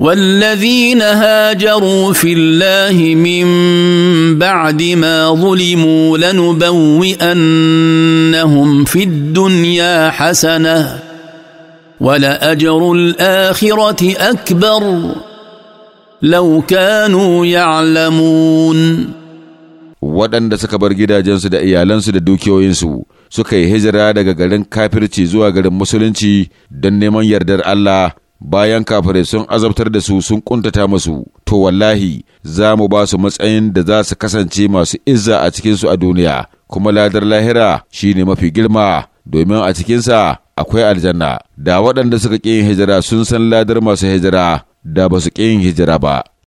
والذين هاجروا في الله من بعد ما ظلموا لنبوئنهم في الدنيا حسنه ولاجر الاخره اكبر لو كانوا يعلمون waɗanda suka bar gidajensu da iyalansu da dukiyoyinsu suka yi hijira daga garin kafirci zuwa garin musulunci don neman yardar Allah bayan kafare sun azabtar da su sun kuntata masu to wallahi za mu ba su matsayin da za su kasance masu izza a cikinsu a duniya kuma ladar lahira shi ne mafi girma domin a cikinsa akwai aljanna da waɗanda suka ƙi hijira sun san ladar masu hijira da ba su ƙi hijira ba